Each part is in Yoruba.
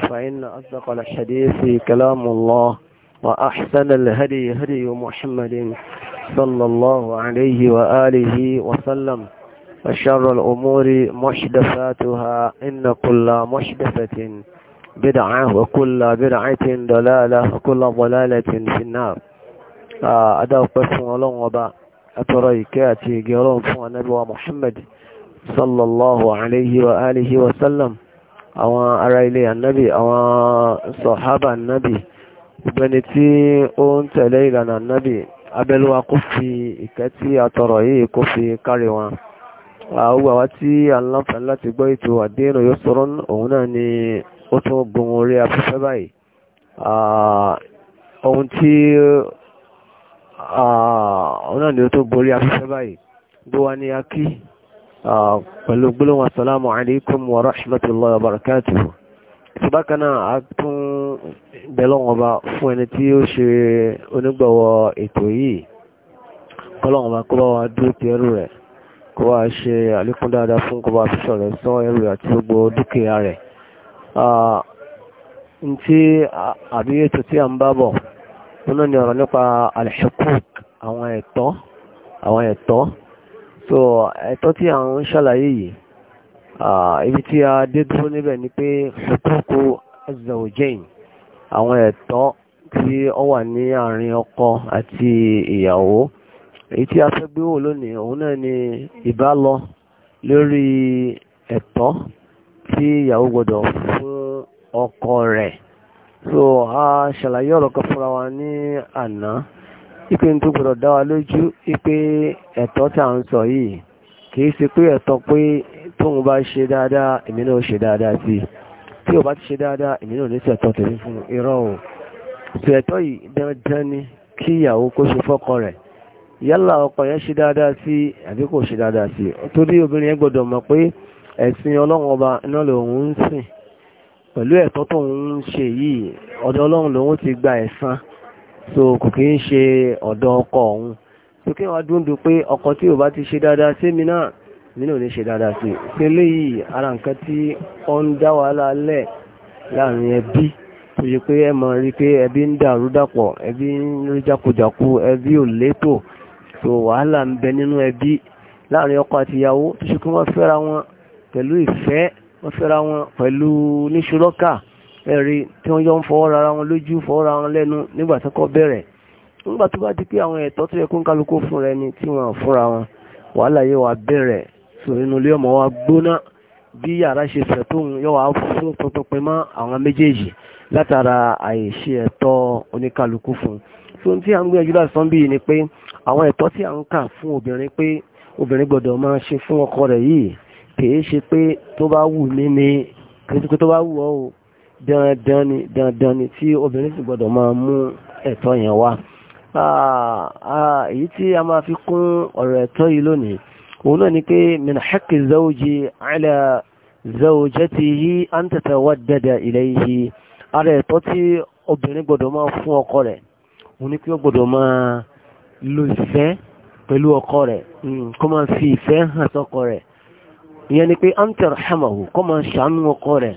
فإن أصدق الحديث كلام الله وأحسن الهدي هدي محمد صلى الله عليه وآله وسلم وشر الأمور محدثاتها إن كل محدثة بدعة وكل بدعة ضلالة وكل ضلالة في النار آه، أدعو قسم وبا أتريكاتي قرون فوى نبوى محمد صلى الله عليه وآله وسلم àwọn ará ilé ànábì àwọn sọ̀hábà ànábì gbogbo ẹni tí ó ń tẹ̀lé ìlànà ànábì abẹ́lúwa kó fi ìkẹ́ tí a tọrọ yìí kó fi kárí wọn àwọn àwa tí aláǹfààní láti gbọ́ ètò àdéhùn yóò sọ̀rọ̀ òun náà ni ó tún gun orí afẹ́fẹ́ báyìí ohun tí òun náà ni ó tún gun orí afẹ́fẹ́ báyìí gbówá ní akí pẹ̀lú gbólóhùn assalamu alaikum wa rahmatullahi wa barakatuh ṣubákaná a tún bẹ̀lọ́wọ́n bá fún ẹni tí ó ṣe onígbọ̀wọ́ ètò yìí kọ́lọ́wọ́n bá kó bá wa dúró ti ẹrù rẹ̀ kó wá ṣe àlékún dáadáa fún kó bá fíṣọ̀ rẹ̀ sọ ẹrù àti gbogbo dúkìá rẹ̀ àwọn ẹ̀tọ́ so ẹ̀tọ́ tí àwọn ń ṣàlàyé yìí ibi tí a dé dúró níbẹ̀ ni pé hukuku azawjain àwọn ẹ̀tọ́ tí ó wà ní àárín ọkọ àti ìyàwó èyí tí a fẹ́ gbé wò lónìí òun náà ni ìbálọ lórí ẹ̀tọ́ tí ìyàwó gbọdọ̀ fún ọkọ rẹ̀ so a ṣàlàyé ọ̀rọ̀ kan fúnra wa ní àná ipe tó gbọdọ̀ dá lójú ipe ẹ̀tọ́ tí a ń sọ yìí kìí ṣe pé ẹ̀tọ́ pé tóun bá ṣe dáadáa èmi náà ṣe dáadáa sí i tí o bá ti ṣe dáadáa èmi náà ní ṣẹ̀tọ́ tèmi fún irọ́ o ṣẹ̀tọ́ yìí dandan ni kí ìyàwó kó ṣe fọ́kọ rẹ̀ yálà ọkọ yẹn ṣe dáadáa sí i àbí kò ṣe dáadáa sí i torí obìnrin yẹn gbọdọ̀ mọ̀ pé ẹ̀sìn ọlọ́run ọba iná lòun ń sìn pẹ̀lú ẹ̀tọ́ tóun ń ṣe yìí ọ̀dọ̀ ọlọ́run lòun ti gba ẹ̀san so kò kí ń ṣe ọ̀dọ̀ ọkọ òun so kí wọ́n dúndú pé ọkọ tí ò bá ti ṣe dáadáa sí mi náà mi náà ní ṣe dáadáa sí ṣe léyìí ara nǹkan tí ó ń dá wàhálà lẹ̀ láàrin ẹbí tó yẹ pé ẹ mọ̀ rí pé ẹbí ń dàrú dàpọ̀ ẹbí ń rí jákujàku ẹbí ò létò so wàhálà ń bẹ nínú ẹbí láàrin ọkọ àti ìyàwó tó ṣe kí wọ́n fẹ́ra wọn pẹ̀lú ìfẹ́ wọ́n fẹ́ra wọn pẹ̀lú níṣúlọ́kà ẹ̀rí tí wọ́n yọ ń fọwọ́ ra wọn lójú fọwọ́ ra wọn lẹ́nu nígbà tó kọ́ bẹ̀rẹ̀ nígbà tó bá di pé àwọn ẹ̀tọ́ tó yẹ kó ń kálukú fún rẹ ni tí wọ́n fúnra wọn wàhálà yóò wá bẹ̀rẹ̀ sọ inú ilé ọmọ wa gbóná bí yàrá ṣe fẹ̀ tó ń yọ wá fún pínpín mọ́ àwọn méjèèjì látara àìṣe ẹ̀tọ́ oníkálukú fún so tí à ń gbìyànjú lásán bíi ni pé àwọn ẹ̀tọ́ tí à ń kà fún obìnrin pé obìnrin gbọ́dọ̀ máa ṣe fún ọkọ rẹ̀ yìí kì í ṣe pé tó bá wù mí ni kì í ṣe pé tó bá wù ọ́ o dandan ni dandan ni tí obìnrin sì gbọdọ̀ máa mú ẹ̀tọ́ yẹn wá èyí tí a máa fi kún ọ̀rọ̀ ẹ̀tọ́ yìí lónìí òun náà ni pé min haqqi zawji ala zawjatihi an tatawaddada ilayhi ara ẹ̀tọ́ tí obìnrin gbọdọ̀ máa fún ọkọ rẹ̀ òun ni pé ó gbọdọ̀ máa lo ìfẹ́ pẹ̀lú ọkọ rẹ̀ mm, kó máa fi ìfẹ́ hàn sọ́kọ rẹ̀ ìyẹn ni pé an tarhamahu kó máa ṣàánú ọkọ rẹ̀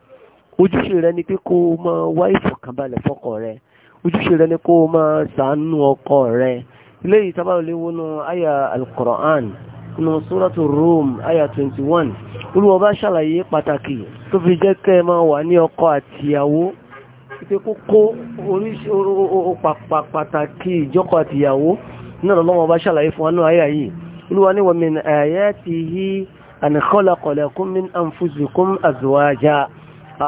ojúṣe rẹ ni pé kó o máa wá ìfọ̀kànbalẹ̀ fọ́kọ rẹ ojúṣe rẹ ni kó o máa sàánú ọkọ rẹ léyìí sábàá lè wọnú àyà al-Qur'an nínú suratu Rum àyà 21 olúwa bá ṣàlàyé pàtàkì tó fi jẹ́ kẹ́ ẹ máa wà ní ọkọ àtìyàwó pé kókó oríṣi pàtàkì ìjọkọ àtìyàwó náà lọ́wọ́ bá ṣàlàyé fún wa náà àyà yìí olúwa ní wa min ayatihi an khalaqa lakum min anfusikum azwaja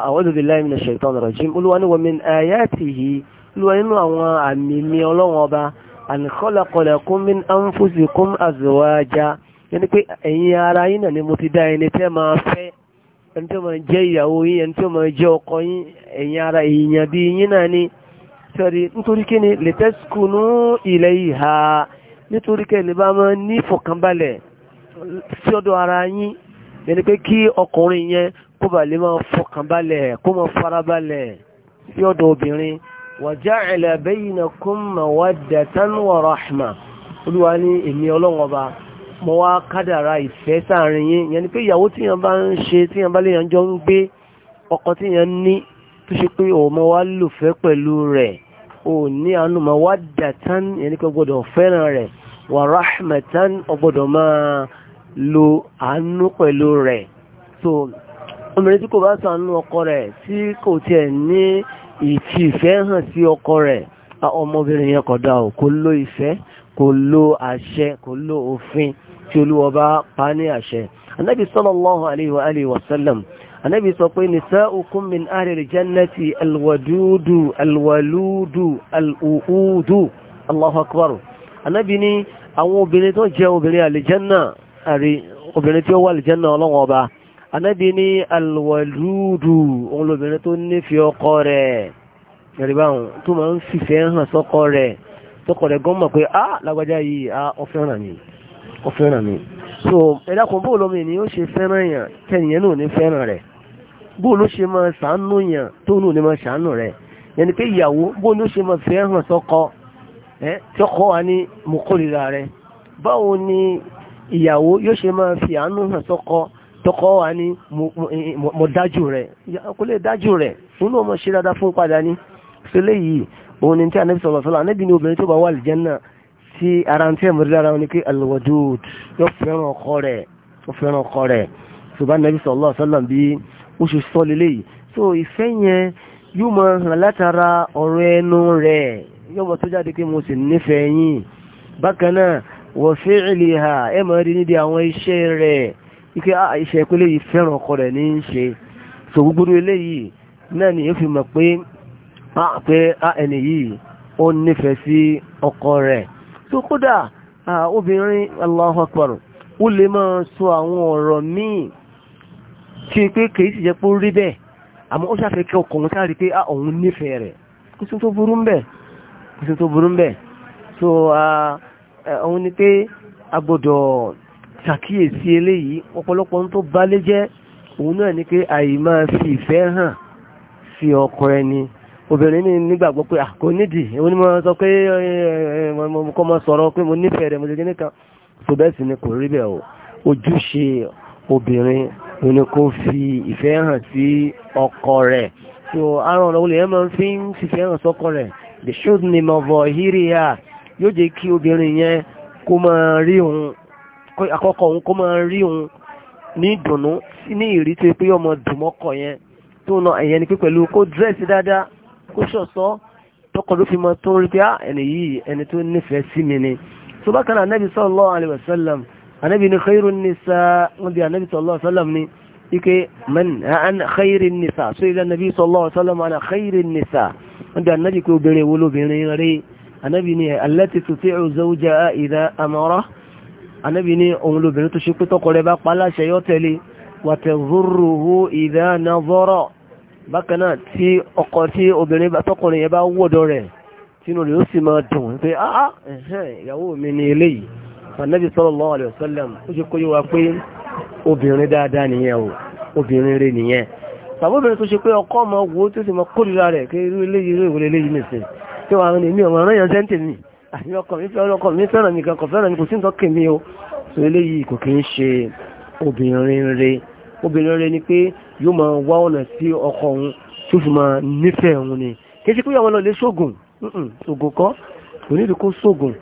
a'udhu billahi minash shaitanir rajim olúwa ní wa min ayatihi olúwa nínú àwọn àmì mi ọlọ́run ọba an khalaqa lakum min anfusikum azwaja yẹni pé ẹ̀yin ara yín náà ni mo ti dá ẹni tẹ́ máa fẹ́ ẹni tó máa jẹ́ ìyàwó yín ẹni tó máa jẹ́ ọkọ yín ẹ̀yin ara èèyàn bíi yín náà ni sọ́rí nítorí kí ni litaskunu ilayha nítorí kẹ́ lè bá máa ní ìfọ̀kànbalẹ̀ sí ọ̀dọ̀ ara yín yẹni pé kí ọkùnrin yẹn kó bà lè máa fọkànbalẹ̀ kó máa farabalẹ̀ sí ọ̀dọ̀ obìnrin wa ja'ala baynakum mawaddatan wa rahma olúwa ní èmi ọlọ́wọ́n ọba mo wá kádàrá ìfẹ́ sáàrin yín yẹn ni pé ìyàwó tí yẹn bá ń ṣe tí yẹn bá lè yẹn ń gbé ọkọ tí yẹn ní tó ṣe pé òun wá lòfẹ́ pẹ̀lú rẹ̀ ò ní àánú mawaddatan yẹn ni pé gbọ́dọ̀ fẹ́ràn rẹ̀ wa rahmatan ọgbọ́dọ̀ máa lo àánú pẹ̀lú rẹ̀ so obìnrin tí kò bá sànú ọkọ rẹ̀ tí kò tiẹ̀ ní ìfi ìfẹ́ hàn sí ọkọ rẹ̀ ọmọbìnrin yẹn kódà ò kò lo ìfẹ́ kò lo àṣẹ kò lo òfin tí olúwa bá pa ní àṣẹ anábì sallallahu alayhi wa alihi wa sallam anábì sọ pé nisa'ukum min ahlil jannati alwadudu alwaludu al'uudu allahu anábì ní àwọn obìnrin tó jẹ́ obìnrin àlìjánná àrí obìnrin tí ó wà àlìjánná ọlọ́wọ́n ọba anábì ní alwàlúùdù òun lóbìnrin tó nífẹ̀ẹ́ ọkọ rẹ̀ yorùbá òun tó máa ń fìfẹ́ hàn sọ́kọ rẹ̀ sọ́kọ rẹ̀ gan mọ̀ pé á ah, lágbájá yìí á ah, ó fẹ́ràn mi ó fẹ́ràn mi so ẹ̀dá kan bóòlù mi ni ó ṣe fẹ́ràn yàn tẹ̀yìn náà ní fẹ́ràn rẹ̀ bóòlù ṣe máa ṣàánú yàn tó nù ní máa ṣàánú rẹ̀ yẹn ni pé ìyàwó bóòlù ṣe máa fẹ́ hàn sọ́kọ ẹ̀ sọ́kọ wa ní mo kórìíra rẹ̀ báwo ni ìyàwó yóò ṣe máa fi àánú hàn sọ́kọ tọkọ wa ni mo eh, dájú rẹ̀ kò lè dájú rẹ̀ nínú ọmọ ṣe dáadáa fún padà ní sílé yìí òun ni tí a nẹ́bí sọ̀rọ̀ sọ́lá anẹ́bí ni obìnrin tó bá wà àlìjẹ́nà sí ara tí ẹ̀mọ̀rí lára wọn ni pé alwadud yóò fẹ́ràn ọkọ rẹ̀ ó fẹ́ràn ọkọ rẹ̀ ṣùgbọ́n nẹ́bí sọ̀rọ̀ sọ́lá bí ó ṣe sọ lélẹ̀ yìí so ìfẹ́ yẹn yóò mọ hàn látara ọ̀rọ̀ ẹnu rẹ̀ yóò tó jáde pé mo sì nífẹ̀ẹ́ yín bákan náà wa fi'liha ike ah, iṣẹ́ pé léyìí fẹ́ràn ọkọ rẹ̀ ní í ṣe so gbogbo eléyìí náà ni yóò fi mọ̀ pé ah, pé ah, ẹni yìí ó nífẹ̀ẹ́ sí ọkọ rẹ̀ so kódà obìnrin Allahu ó lè máa sọ àwọn ọ̀rọ̀ míì tí o pé kìí sì jẹ́ pé ó rí bẹ́ẹ̀ àmọ́ ó ṣàfẹ́ kí ọkọ̀ òun sáré pé òun nífẹ̀ẹ́ rẹ̀ kò sí tó burú ń bẹ̀ kò sí tó burú ń bẹ̀ so eh, òun ni pé a ṣàkíyèsí eléyìí ọ̀pọ̀lọpọ̀ ń tó balẹ̀ jẹ́ òun náà ni pé àì máa fi ìfẹ́ hàn sí ọkọ ẹni obìnrin ní nígbàgbọ́ pé àkó nídìí òun ni mo sọ pé eh, eh, kọ́ mọ sọ̀rọ̀ pé mo nífẹ̀ẹ́ rẹ̀ mo ṣe kíní kan tó bẹ́ẹ̀ sì ni kò rí bẹ́ẹ̀ o ojúṣe obìnrin òun ni kò fi ìfẹ́ hàn sí ọkọ rẹ̀ tó aràn ọ̀rọ̀ olè yẹn máa fi ń fìfẹ́ hàn sọ́kọ rẹ̀ the shoes ni mo vọ hírí yà yóò jẹ́ kí obìnrin yẹn kó máa rí òun àkọ́kọ́ òun kó máa rí òun ní ìdùnnú ní ìrítí pé ọmọ dùnmọ́kọ̀ yẹn tó na ẹ̀yẹn ni pé pẹ̀lú kó dírẹ́sì dáadáa kó ṣọ̀ṣọ́ tọkọ̀ ló fi mọ tó rí pé á ah, ẹni yìí ẹni tó nífẹ̀ẹ́ sí mi ni. tó bá kan anabi sallallahu alayhi wa sallam anabi ni khairun nisa wọn bí anabi sallallahu alayhi wa sallam ni ike man an khairin nisa so ilé anabi sallallahu alayhi wa sallam nisa wọn bí anabi pé obìnrin wo lóbìnrin rí anabi ni allati tuti'u zawjaha idha amara anábì ní òun lóbìnrin tó ṣe pé tọkọ rẹ̀ bá pa láṣẹ yọ tẹ̀lé wàtẹ̀ rúrùhù ìdáná vọ́rọ̀ bákan náà tí ọkọ tí obìnrin tọkùnrin yẹn bá wọ̀dọ̀ rẹ̀ tínú rẹ̀ ó sì máa dùn pé áá ah, ah, mi ni eléyìí anábì sallallahu alaihi wasallam wa pé obìnrin dáadáa nìyẹn o obìnrin rẹ̀ nìyẹn tàbí obìnrin tó ṣe pé ọkọ ọmọ wo tó sì mọ kórìíra rẹ̀ kí irú eléyìí irú ìwòlélẹ́yìí àbí ọkọ mi fẹ́ràn ọkọ mi fẹ́ràn mi kan kò fẹ́ràn mi kò sí nǹkan kèmí o sọ eléyìí kò kí ń ṣe obìnrin rẹ obìnrin rẹ ni pé yóò máa wá ọ̀nà sí ọkọ òun tó fi máa nífẹ̀ẹ́ òun ni kì í ṣe pé àwọn ọlọ́lé ṣoògùn ṣoògùn kọ́ onídìí kó ṣoògùn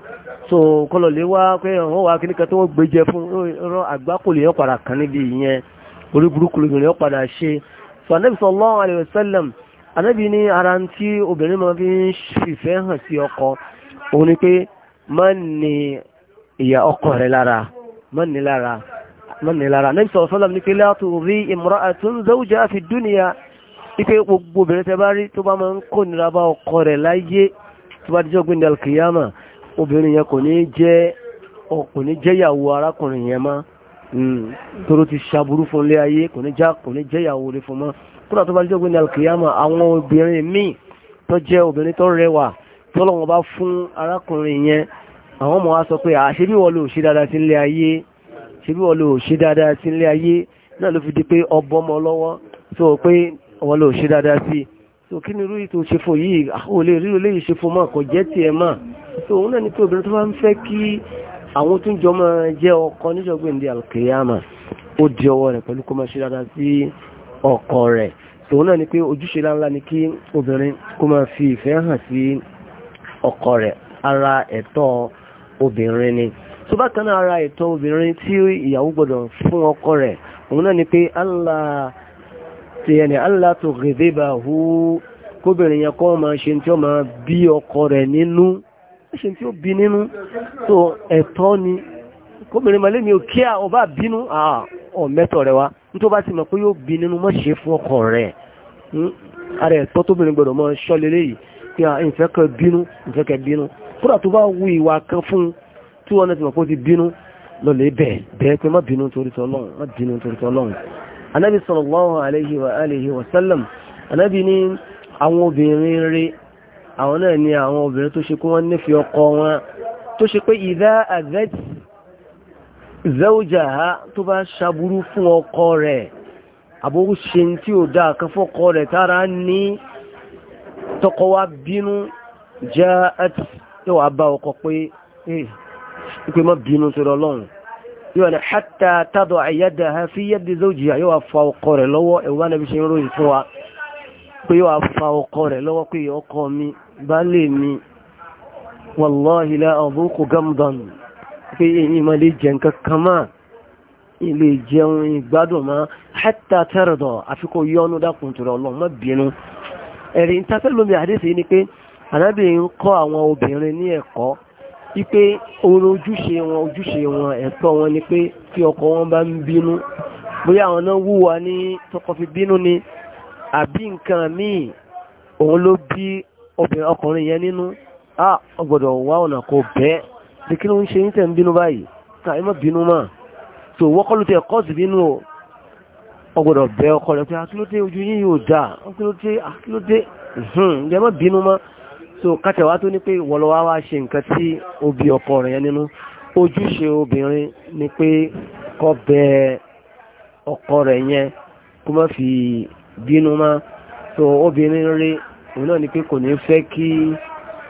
so kọlọ̀ lé wá pé wọ́n wá kíníkan tó wọ́n gbé jẹ fún rán àgbákò lè yọ́ padà kan níbi ìyẹn orí burúkú lè yọ́ padà ṣe so anabi sallallahu alaihi wasallam anabi ní ara tí obìnrin máa fi ń fìfẹ́ hàn sí ọkọ òun ni pé má ní ìyá ọkọ rẹ̀ lára má ní lára má ní lára Nabi sallallahu alaihi wasallam ní pé la tu'zi imra'atun zawjaha fi dunya ipe gbogbo obìnrin tẹ bá rí tó bá máa ń kó nira bá ọkọ rẹ̀ láyé tó bá dijọ́ gbé ní alkiyama obìnrin yẹn kò ní jẹ́ ọkùnrin jẹ́yàwó arákùnrin yẹn má hmm. toro ti ṣàbúrú fún ilé tọ́lọ́wọ́n bá fún arákùnrin yẹn àwọn ọmọ wa sọ pé àṣírí wọ́n lò ṣe dáadáa sí ilé ayé ṣírí wọ́n lò ṣe dáadáa sí ilé ayé náà ló fi di pé ọbọ ọmọ lọ́wọ́ tó o pé wọ́n lò ṣe dáadáa sí tó kí ni irú ètò ìṣẹ́fò yìí àkọọ́lẹ̀ rí olè ìṣẹ́fò mọ́ kò jẹ́ tiẹ̀ mọ́ tó òun náà ní pé obìnrin tó bá ń fẹ́ kí àwọn tó ń jọ mọ́ jẹ́ ọkọ níjọ́gbìndì ọkọ rẹ̀ ara ẹ̀tọ́ obìnrin ni tó bá kan náà ara ẹ̀tọ́ obìnrin tí ìyàwó gbọ́dọ̀ fún ọkọ rẹ̀ òun náà ni pé Allah ti ẹni Allah tó gèdébà hú kóbìnrin yẹn kọ́ máa ṣe tí ó máa bí ọkọ rẹ̀ nínú ṣe tí ó bí nínú tó ẹ̀tọ́ ni kóbìnrin malé mi ò kí à ọba bínú ọ̀mẹ́tọ̀ rẹ̀ wá nítorí bá ti mọ̀ pé yóò bí nínú mọ́ ṣe fún ọkọ rẹ̀ hmm? ara ẹ̀tọ́ tóbìnrin gbọ́dọ̀ mọ́ ṣọ́lélẹ́yìí pé ah, ìfẹ́ kan bínú ìfẹ́ kan bínú kódà tó bá wu ìwà kan fún tí wọ́n ti mọ̀ pé ó ti bínú lọ́lẹ̀ bẹ̀ bẹ́ẹ̀ pé má bínú torí tọ́lọ́run má sallallahu alayhi wa alihi wa sallam anábì ní àwọn obìnrin rí àwọn náà ni àwọn obìnrin tó ṣe kó wọ́n nífẹ̀ẹ́ ọkọ wọn tó ṣe pé idha azat zawjaha tí ò dáa kan fọ́kọ rẹ̀ tára ní tọkọ wá bínú jẹ́ ẹtì yóò wá bá ọkọ pé ìpè eh, mọ́ bínú tó lọ lọ́rùn yóò ní hátà tádọ̀ àyádà ha fi yẹ́dì zójìyà yóò wá fa ọkọ rẹ̀ lọ́wọ́ ẹ̀wọ́n náà bí ṣe ń ròyìn fún wa pé yóò wá fa ọkọ rẹ̀ lọ́wọ́ pé ọkọ mi bá lè mi wàláhì ẹ̀rí ń tafẹ́ lómi àdéhùn ni pé ànábì ń kọ́ àwọn obìnrin ní ẹ̀kọ́ wípé orí ojúṣe wọn ojúṣe wọn ẹ̀tọ́ wọn ni pé tí ọkọ wọn bá ń bínú bóyá àwọn náà wúwa ní tọkọ fi bínú ni àbí nǹkan míì òun ló bí obìnrin ọkùnrin yẹn nínú a ọgbọ́dọ̀ wá ọ̀nà kò bẹ́ẹ̀ bí kí ló ń ṣe yín tẹ̀ ń bínú báyìí ká ẹ bínú mà tó tẹ̀ kọ́ọ̀sì bínú o ọgbọ́dọ̀ bẹ ọkọ rẹ̀ pé akílódé ah, ojú yín yóò dá akílódé akílódé ah, hùn ǹjẹ́ má bínú mọ́ so kátẹ̀wá tó ní pé wọ́lọ́wá wá ṣe nǹkan tí obì ọkọ rẹ̀ yẹn nínú ojúṣe obìnrin ni pé kọ́ bẹ ọkọ rẹ̀ yẹn kó má fi bínú mọ́ so obìnrin rí òun náà ni pé kò ní fẹ́ kí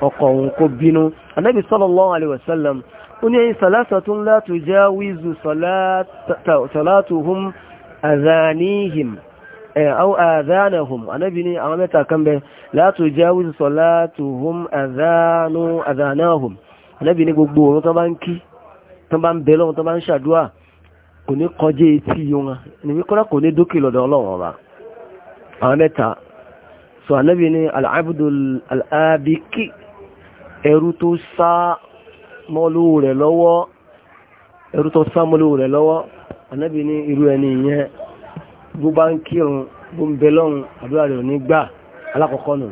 ọkọ òun kó bínú anábì sallallahu alaihi wasallam ó ní ẹ̀yin salasatun la tujawizu salatuhum àzánihìm أو آذانهم أنا بني أمامتا كمبر لا تجاوز صلاتهم أذان أذانهم أنا بني gbogbo wọn tó bá ń kí tó bá ń bẹ lọ́wọ́ tó bá ń ṣàdúrà kò ní kọjá etí wọn níbi kọ́lá kò ní dókè lọ́dọ̀ ọlọ́wọ́n ọba àwọn mẹ́ta sọ anábì ní alábìkí ẹrú tó sá mọ́lówó rẹ̀ lọ́wọ́ ànábì ní irú ẹni yẹn bó bá ń kírun bó ń bẹ lọ́run àdúrà rẹ̀ ò ní gbà alákọ̀ọ́kọ́ nù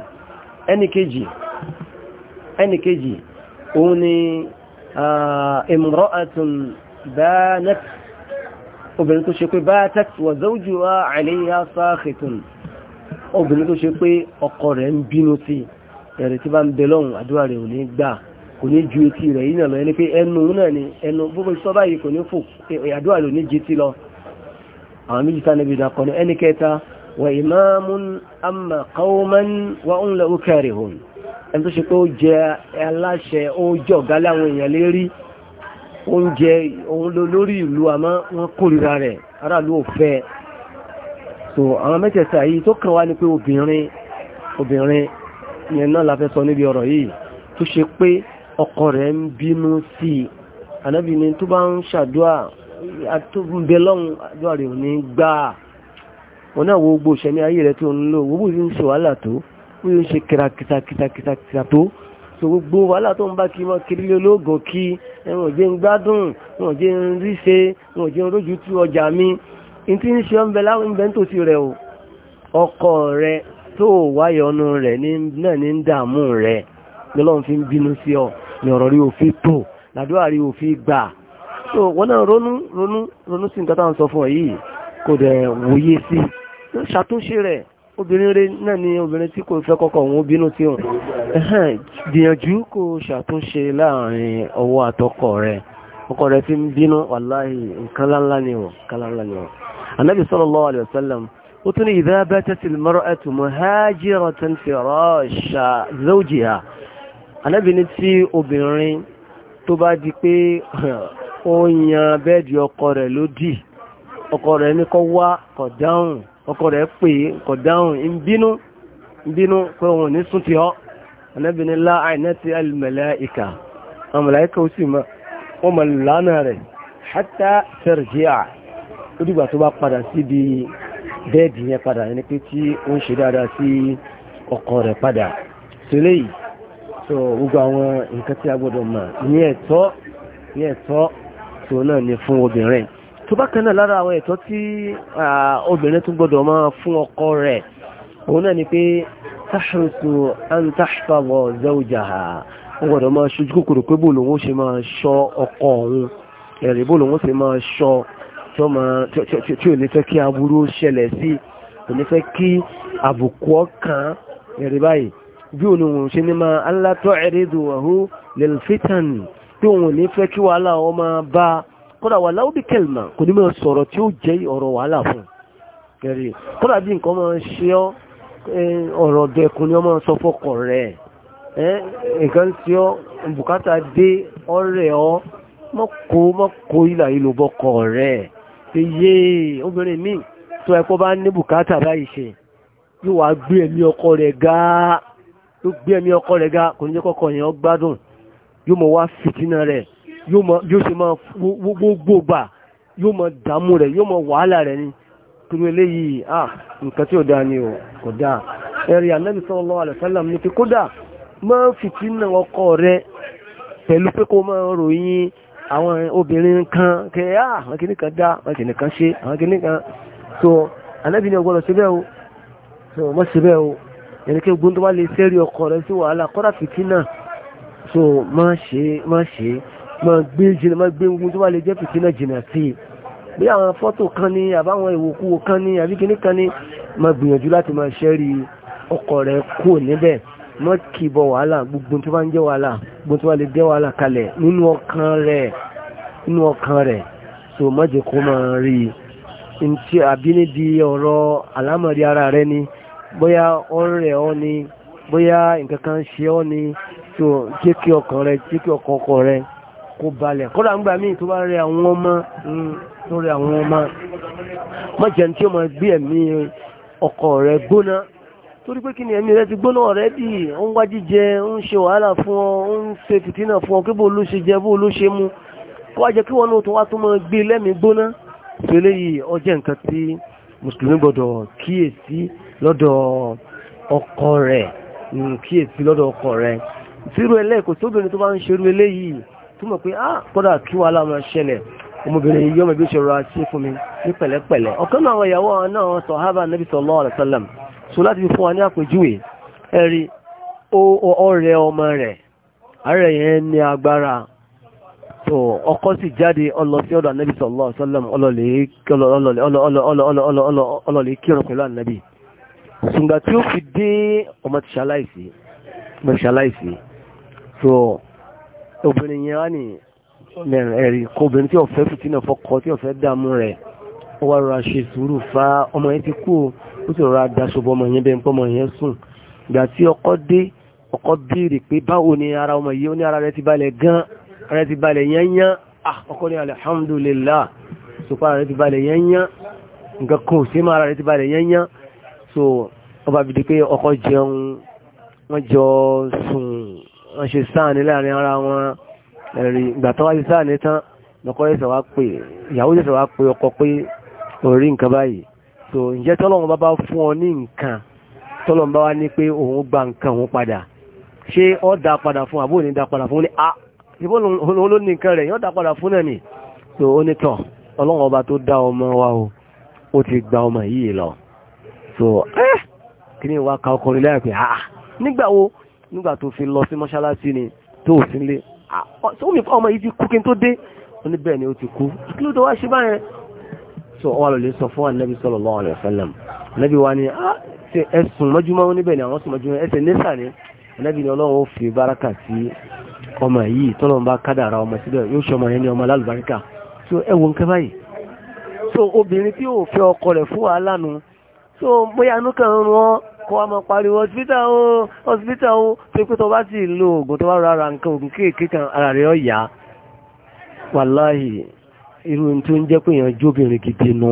ẹni kejì òun ni imra'atun banat obìnrin tó ṣe pé batat wa zawjuha 'alayha sakhitun obìnrin tó ṣe pé ọkọ rẹ̀ ń bínú sí ẹ̀rẹ̀ tí bá ń bẹ àdúrà rẹ̀ ò ní gbà kò ní ju etí rẹ̀ yìí náà lọ ẹni pé ẹnu náà ni ẹnu gbogbo sọ báyìí kò ní fò àdúrà ló ní jetí lọ àwọn méjì tá níbi ìdàkọ ní ẹni kẹta wà imamun amma qawman wa hum lahu karihun ẹni tó ṣe pé ó jẹ aláṣẹ ó jẹ ọ̀gá láwọn èèyàn lérí oúnjẹ òun ló so àwọn mẹ́tẹ̀ẹ̀ta yìí tó kàn wá ní pé obìnrin obìnrin yẹn náà la fẹ́ sọ níbi ọ̀rọ̀ yìí tó ṣe pé ọkọ rẹ̀ ń bínú sí i ànábì ni tó bá ń ṣàdúà àtúbẹ̀lọ́hún àdúà rẹ̀ ò ní gbà á wọn náà wo gbogbo ìṣẹ̀mí ayé rẹ̀ tó ń lò wọ́n bó ń ṣe wàhálà tó bó ṣe ń ṣe kìtàkìtàkìtà tó so gbogbo wàhálà tó ń bá kí mọ́ kiri ológun kí ẹ̀wọ̀n jẹ́ ń gbádùn wọ́n jẹ́ ń rí ṣe wọ́n jẹ́ ń rójú tú ọjà mi n tí ń ṣe ọ̀nbẹ láwọn ìbẹ̀ ń tòsí rẹ̀ o ọkọ rẹ̀ tó wáyọ̀ ọ̀nù rẹ̀ náà ní dààmú rẹ̀ lọ́lọ́run fi ń bínú sí ọ ni ọ̀rọ̀ rí òfin tó làdúrà rí òfin gbà so wọn náà ronú ronú ronú sí nǹkan táwọn sọ fún ọ yìí kò dẹ̀ wòye sí ṣàtúnṣe rẹ̀ obìnrin rẹ̀ náà ni obìnrin tí kò fẹ́ kọ́kọ́ òun bínú tí òun ẹ̀hàn gbìyànjú kò ṣàtúnṣe láàrin ọwọ́ àtọkọ rẹ̀ ọkọ rẹ̀ fi ń bínú wàláhì nǹkan láńlá ni wọ̀ kálánlá ni wọ̀ anábì sallallahu alaihi wasallam ó tún ní idha batat al-mar'atu muhajiratan firasha Ànábì ní tí obìnrin tó bá di pé ó yan bẹ́ẹ̀dì ọkọ rẹ̀ lódì ọkọ rẹ̀ ní kó wá kó dáhùn ọkọ rẹ̀ pè é kó dáhùn ń bínú ń bínú pé òun ò ní sùn ti ọ́ Ànábì ní lá àìnẹ́tì al-malaika àwọn màláíkà ó sì mọ́ wọ́n mọ̀ lánà rẹ̀ hatta tarji'a ó dìgbà tó bá padà síbi bẹ́ẹ̀dì yẹn padà ẹni pé tí ó ń ṣe dáadáa sí ọkọ rẹ̀ padà sílé yìí so gbogbo àwọn nǹkan tí a gbọ́dọ̀ mọ̀ ní ẹ̀tọ́ ní ẹ̀tọ́ tó náà ni fún obìnrin tó bá kan náà lára àwọn ẹ̀tọ́ tí obìnrin tún gbọ́dọ̀ máa fún ọkọ rẹ̀ òun náà ni pé tahrusu an tahfaza zawjaha ó gbọ́dọ̀ máa ṣojú kòkòrò pé bóòlù òun ṣe máa ṣọ́ ọkọ òun ẹ̀rì bóòlù òun ṣe máa ṣọ́ tí ò ní fẹ́ kí aburú ṣẹlẹ̀ sí ò ní fẹ́ kí àbùkù ọkàn ẹ̀rì báyìí bí òun òun ṣe ní máa alátọ́ ẹ̀rẹ́dù ọ̀hú lẹ́lfẹ́tàn tí òun ní fẹ́ kí wàhálà wọn máa bá kódà wà láwùbí kẹlìmà kò ní máa sọ̀rọ̀ tí ó jẹ́ ọ̀rọ̀ wàhálà fún kẹrì kódà bí nǹkan máa ṣe ọ́ ọ̀rọ̀ dẹkùn ni wọ́n máa sọ fọ́kọ̀ rẹ̀ nǹkan tí ọ́ bùkátà dé ọ̀rẹ́ ọ́ mọ́kó mọ́kó ìlà ìlò rẹ̀ ṣe yé obìnrin míì tó ẹ̀kọ́ bá ní bùkátà báyìí ṣe yóò wá gbé ẹ̀mí ọkọ rẹ̀ gáà yóò gbé ẹ̀mí ọkọ rẹ̀ ga kò ní jẹ́ kọ́kọ́ yẹn ó gbádùn yóò mọ̀ wá fìtínà rẹ̀ yóò ṣe máa gbogbo gbà yóò mọ̀ dààmú rẹ̀ yóò mọ̀ wàhálà rẹ̀ ni torí eléyìí à ah, nǹkan tí ò dáa ni kò dáa ẹ̀rí ànábì sallallahu alaihi wasallam ní pé kódà máa fìtínà ọkọ rẹ̀ pẹ̀lú pé kó máa ròyìn àwọn obìnrin kan kẹ́ à ah, àwọn kìnnìkan dá àwọn kìnnìkan ṣe àwọn kìnnìkan so ànábì ni ọgbọ́dọ̀ ṣe bẹ́ẹ̀ o so mọ́ ṣe o yẹni kí gbogbo tó bá lè sẹ́rí ọkọ rẹ sí wàhálà kọ́dà fìtínà so má ṣe má ṣe má gbé jìnà má gbé gbogbo tó bá lè jẹ́ fìtínà jìnà sí i bí àwọn fọ́tò kan ní àbáwọn ìwòkúwò kan ní àbí kíní kan ní má gbìyànjú láti má sẹ́rí ọkọ rẹ kú níbẹ̀ má kìbọ̀ wàhálà gbogbo tó bá ń jẹ́ wàhálà gbogbo tó bá lè jẹ́ wàhálà kalẹ̀ nínú ọkàn rẹ̀ nínú ọkàn rẹ̀ so má jẹ́ kó máa rí i ntí àbí níbi ọ̀rọ̀ àlámọ̀rí ara rẹ ni. bóyá ó ń rẹ̀ ọ́ ni bóyá nǹkan kan ṣe ni tó jẹ́ kí ọkàn rẹ jẹ́ kí ọkọ̀ ọkọ̀ rẹ kó balẹ̀ kódà ń gbà tó àwọn ọmọ mm, tó rẹ àwọn ọmọ mọ̀jẹ̀ tí ó máa rẹ gbóná torí pé kí ni rẹ ti gbóná ọ̀rẹ́ ó ń wá jíjẹ ó ń ṣe ọ ó ń ṣe fìtínà fún ọ kí bó ló ṣe jẹ bó ló ṣe mu kó wá jẹ kí wọn tó wá tó máa gbé lẹ́mìí gbóná yìí nǹkan lọ́dọ̀ ọkọ rẹ̀ kíyèsí lọ́dọ̀ ọkọ rẹ̀ tírú ẹlẹ́ tó sóbìnrin tó bá ń ṣerú eléyìí tó mọ̀ pé ah kọ́dà kí wàá ọmọbìnrin yìí yọmọ ibi àti fún mi ní pẹ̀lẹ́pẹ̀lẹ́ ọ̀kan náà ìyàwó náà so láti fún wa ní àpèjúwe ẹ̀rí ọmọ rẹ̀ ààrẹ yẹn ní agbára tó ọkọ sì jáde ọlọ sí ọ̀dọ̀ Nabi sallallahu ọlọlẹ kírun ṣùgbà tí ó fi dé ọmọ ti ṣaláìsí ọmọ ti ṣaláìsí so obìnrin yẹn wá ní ẹ̀rí kó obìnrin tí ó fẹ́ fìtínà fọ́kọ tí ó fẹ́ dààmú rẹ̀ ó wá rọra ṣe sùúrù fa ọmọ yẹn ti kú ó sì rọra daṣọ bọ ọmọ yẹn bẹ́ẹ̀ ń pọ́ ọmọ yẹn sùn ìgbà tí ọkọ dé ọkọ béèrè pé báwo ni ara ọmọ yìí ó ní ara rẹ ti balẹ̀ gan ara ti balẹ̀ yányán ah, ọkọ ní alhamdulillah sọpá ara ti balẹ̀ yányán nǹkan kan ò sí ara ti balẹ̀ yányán so ọba bìí pé ọkọ jẹun wọ́n jọ sùn wọ́n ṣe sáà ní láàrin ara wọn ẹ̀rí ìgbà tó wá sí sáà ní tán lọ́kọ́ ẹ̀sẹ̀ wá pé ìyàwó ẹ̀sẹ̀ wá pé ọkọ pé orí nǹkan báyìí so ǹjẹ́ tọ́lọ́run bá bá fún ọ ní nǹkan tọ́lọ́run bá wá ní pé òun gba nǹkan òun padà ṣé ó dá padà fún àbúrò ní dá padà fún ní a ìbò ló ní nǹkan rẹ̀ yóò dá padà fún náà nì so ó ní tọ̀ ọlọ́run ọba tó dá ọmọ wa o ó ti gba ọmọ yìí lọ so ẹ́ ah, kí ni ìwà ka ọkùnrin lẹ́yìn pé ah, ah nígbà wo nígbà tó fi lọ sí mọ́ṣáláṣí ni tó ò sí nílé sómi ọmọ yìí ti kú kí n tó dé ó ní bẹ́ẹ̀ ni ó ti kú kí ló tó wá ṣe báyẹn so ọwọ́ àlọ́lẹ̀ sọ fún ànábì sallallahu alaihi wasallam ànábì wa ni ah, ẹ̀sùn mọ́júmọ́ níbẹ̀ ni àwọn sùn mọ́júmọ́ ẹsẹ̀ nísà ni ànábì ni ọlọ́run ó fi báràkà sí ọmọ yìí tọ́lọ́run bá kádàrà ọmọ síbẹ̀ yóò ṣe ọmọ yẹn ní ọmọ alálùbáríkà so ẹ wo nǹkan báyìí so obìnrin tí yóò fẹ́ ọkọ rẹ̀ fún wàhálà nu so bóyá inú kan ń rún ọ kọ́ wa máa pariwo hospital o hospital o pé pé tó bá sì lo oògùn tó bá rọra nǹkan oògùn kéèké kan ara rẹ̀ ọ̀yà wàláhì irú tó ń jẹ́ pé èèyàn jó obìnrin gidi nù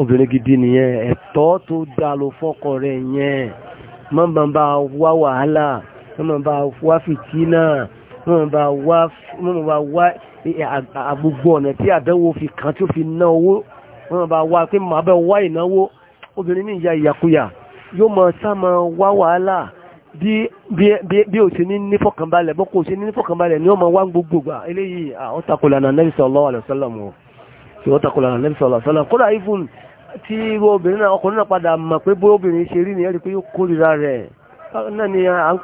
obìnrin gidi nìyẹn ẹ̀tọ́ tó dá ló fọ́kọ rẹ̀ yẹn má má bá wá wàhálà má má bá wá fìtínà má má bá wá agbègbè ọ̀nà tí àdánwò fi kàn tó fi ná owó má má bá wá pé má bá wá obìnrin ní ìyá ìyàkuyà yóò mọ sáàmọ wá wàhálà bí o ti ní ní fọkànbalẹ̀ bọ́kọ̀ o ní ní ni ó mọ wá gbogbo gbà eléyìí ọ̀tàkùlànà nẹ́bí sallallahu alaihi wasallam o tí ọ̀tàkùlànà nẹ́bí sallallahu alaihi wasallam kódà even tí obìnrin ni ẹ̀rí pé yóò kórìíra rẹ̀ náà ni à ń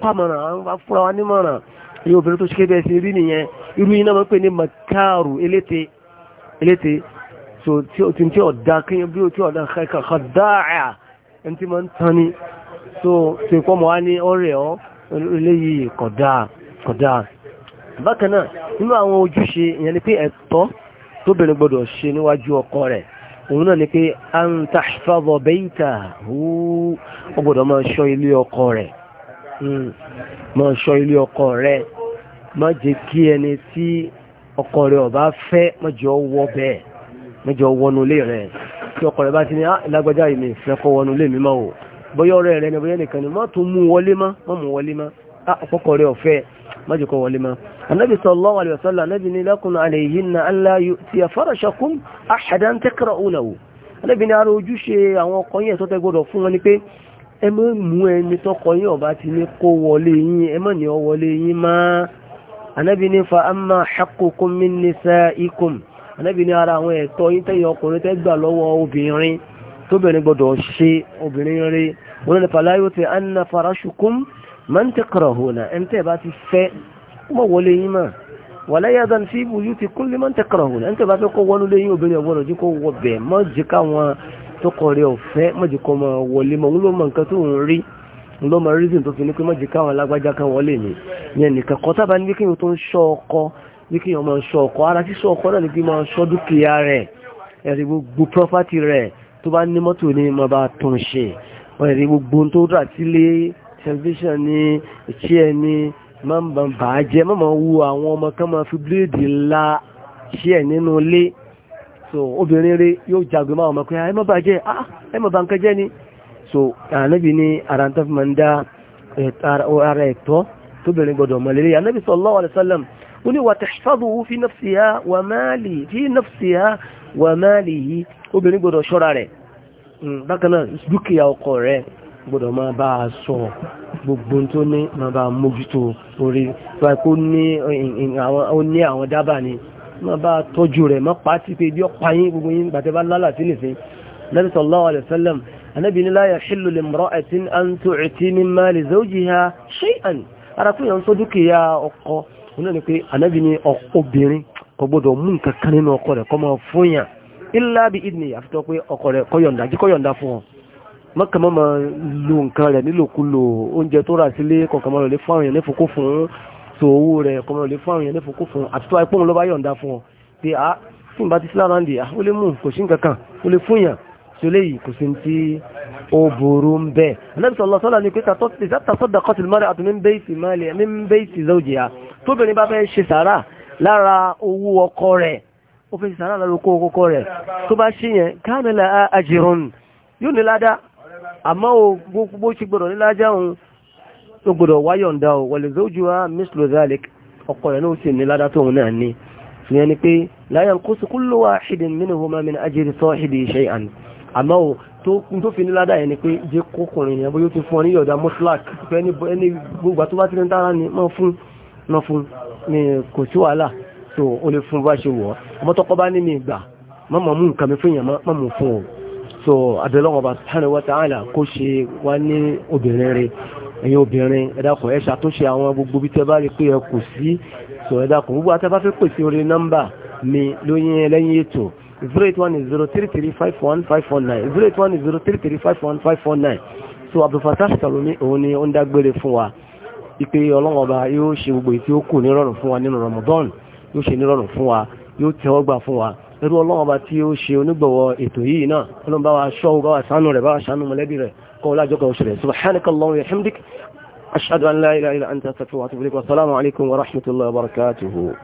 pàmọ̀ràn à ń fúnra wa nímọ̀ràn irú obìnrin tó ṣe kébẹ̀ ṣe rí nìyẹn irú yìí náà pé ní makaru elete elete so tí ó ti tí ó dá kíyàn bí ó tí ó dá kẹ́kọ̀ọ́ dáa ẹni tí ma ń tán ni so tí ó pọ́mọ̀ wá ní ọ̀rẹ́ ọ́ eléyìí kódà kódà bákan nínú àwọn ojúṣe ìyẹn ni pé ẹ̀tọ́ tóbìnrin gbọ́dọ̀ ṣe níwájú ọkọ rẹ̀ òun náà ni pé à ń tahfadha baytahu ó gbọ́dọ̀ máa ṣọ́ ilé ọkọ rẹ̀ hmm. máa ṣọ́ ilé ọkọ rẹ̀ má jẹ́ kí ẹni tí ọkọ rẹ̀ ó fẹ́ má wọ bẹ́ẹ̀ mẹ́jọ wọnú ilé rẹ̀ tí ọkọ rẹ̀ bá ti ní ah, lágbájá ìmì ìfẹ́kọ́ wọnú ilé mi máa wò bóyá ọ̀rẹ́ rẹ̀ ní bóyá nìkan ni má tún mú wọlé má má mú wọlé má ah, ọkọ rẹ̀ ọ̀fẹ́ má jẹ́ kó wọlé má. anabi sallallahu alaihi wasallam anabi ni lakum alayhinna alla yu'tiya farashakum ahadan takra'unahu anabi ni ara ojúṣe àwọn ọkọ yẹn tó tẹ gbọ́dọ̀ fún wọn ni pé ẹ má mú ẹni tọkọ yẹn ọba ti ní kó wọlé yín ẹ má ọ wọlé yín má anabi ni fa amma haqqukum min nisa'ikum ànábì ní ara àwọn ẹ̀tọ́ yín tẹ́yìn ọkùnrin tẹ́ gbà lọ́wọ́ obìnrin tóbìnrin gbọ́dọ̀ ṣe obìnrin rí wọn ní fàlàyé ti anna farashukum máa ń tẹ́kọ̀rọ̀ hùnà ẹni tẹ́ bá ti fẹ́ mọ̀ wọlé yín mà wàlẹ́ yàtọ̀ sí ibù yìí ti kún lé máa ń tẹ́kọ̀rọ̀ hùnà ẹni tẹ́ bá fẹ́ kó wọnú lé yín obìnrin ọ̀gbọ́dọ̀ jí kó wọ bẹ̀ mọ́ jí káwọn tọkọ rẹ ọ̀fẹ́ mọ́ jí kó mọ́ wọlé mọ́ ń ló mọ nǹkan tó ń rí ń ló rízìn tó fi ní pé mọ́ jí káwọn alágbájá kan wọlé mi yẹn nìkan kọ́ tábà ní kí n tó ń ṣọ́ ọkọ ní kí wọ́n máa ṣọ́ ọkọ ara ṣíṣọ́ ọkọ náà ní kí máa ṣọ́ dúkìá rẹ̀ ẹ̀rí gbogbo property rẹ̀ tó bá ní mọ́tò ní mọ́ bá tún ṣe ẹ̀rí gbogbo tó rà sílé television ní ìṣe ẹni máa ń bà ń bà jẹ́ máa máa wu àwọn ọmọ kan máa fi bíléèdì ńlá ṣe ẹ̀ nínú ilé so obìnrin rẹ̀ yóò jagun máa ọmọ pé ẹ má bàjẹ́ ẹ má bà ń kẹjẹ́ ah, so ànábì ní ara tó fi máa ń dá ara alaihi wasallam ó ní wàtẹ̀ṣọ́dù fi nafsiha wà máàlì fi nafsiha wà máàlì yìí obìnrin gbọ́dọ̀ ṣọ́ra rẹ̀ hmm, bákan náà dúkìá ọkọ rẹ̀ gbọ́dọ̀ máa bá a sọ gbogbo tó ní máa bá a mójútó orí pàkó ní àwọn dábà ni máa bá tọ́jú rẹ̀ má pa ti pé bí ọ̀pá yín gbogbo yín gbàtẹ́ bá lálà sí nìsín nabi sallallahu alaihi wasallam anabi ni la yahillu limra'atin an tu'ti min mali zawjiha shay'an ara fún náà ni pé ànábì ni obìnrin kò gbọdọ̀ mú nǹkan kan nínú ọkọ rẹ̀ kó máa fún yàn ilá bí ìdìní àfitọ́ pé ọkọ rẹ̀ kó yọ̀ǹda jí kó yọ̀ǹda fún ọ mọ́kàn mọ́ máa lo nǹkan rẹ̀ nílòkulò oúnjẹ tó rà sílé kọ̀ọ̀kan máa lè fún àwọn èèyàn ní fòkó fún so owó rẹ̀ kọ̀ máa lè fún àwọn èèyàn ní fòkó fún àfitọ́ àìpọ́n ló pé a ah, tí n bá ti ń dì ah, ó lè mú ń bẹ́ẹ̀ anábìsọ̀ lọ́sọ́lá tóbìnrin bá fẹ́ ṣe sàárà lára owó ọkọ rẹ̀ ó fẹ́ ṣe sàárà lára owó ọkọ rẹ̀ tó bá ṣe yẹn káàmìlà àjìrún yóò ní ládá àmọ́ o gbogbo ṣe gbọ́dọ̀ ní ládá òun tó gbọ́dọ̀ wáyọ̀ǹda o wọlé zójú wa mislo zalik ọkọ rẹ̀ náà sì ní ládá tóun náà ní ìyẹn ni tó fi ní ládá ni pé jẹ́ kókùnrin yẹn bó yóò ti fún ọ ní yọ̀dá mọ́tíláàkì pé ẹni gbogbo àtúbátí ní tára ni mọ́ fún lọ fún ní kò sí wàhálà tó o lè fún bá ṣe wọ̀ ọmọ tọkọ bá ní mi gbà má mọ̀ mú nǹkan mi fún yàn má mọ̀ fún o so abẹ́lọ́wọ̀n bá subhanahu wa ta'ala kó ṣe wá ní obìnrin rẹ̀ ẹ̀yin obìnrin ẹ dákun ẹ ṣàtúnṣe àwọn gbogbo bí tẹ́ bá rí pé ẹ kù sí so ẹ dákun gbogbo àti abáfẹ́ pèsè orí nọ́mbà mi lóyún ẹlẹ́yìn ètò 08103351549 08103351549 so Abdulfatah Salumi òun ni ó ń dágbére fún wa ipe ọlọ́wọ́n ọba yóò ṣe gbogbo èyí tí ó kù nírọ̀rùn fún wa nínú Ramadan yóò ṣe nírọ̀rùn fún wa yóò tẹ́wọ́ gbà fún wa irú ọlọ́wọ́n ọba tí ó ṣe onígbọ̀wọ́ ètò yìí náà ọlọ́run bá wa ṣọ́ bá wa ṣàánú rẹ̀ bá wa ṣàánú mọ̀lẹ́bí rẹ̀ kọ́ ọlájọ́ kan oṣù rẹ̀ subhanakallahumma wa bihamdik wa atubu wa barakatuhu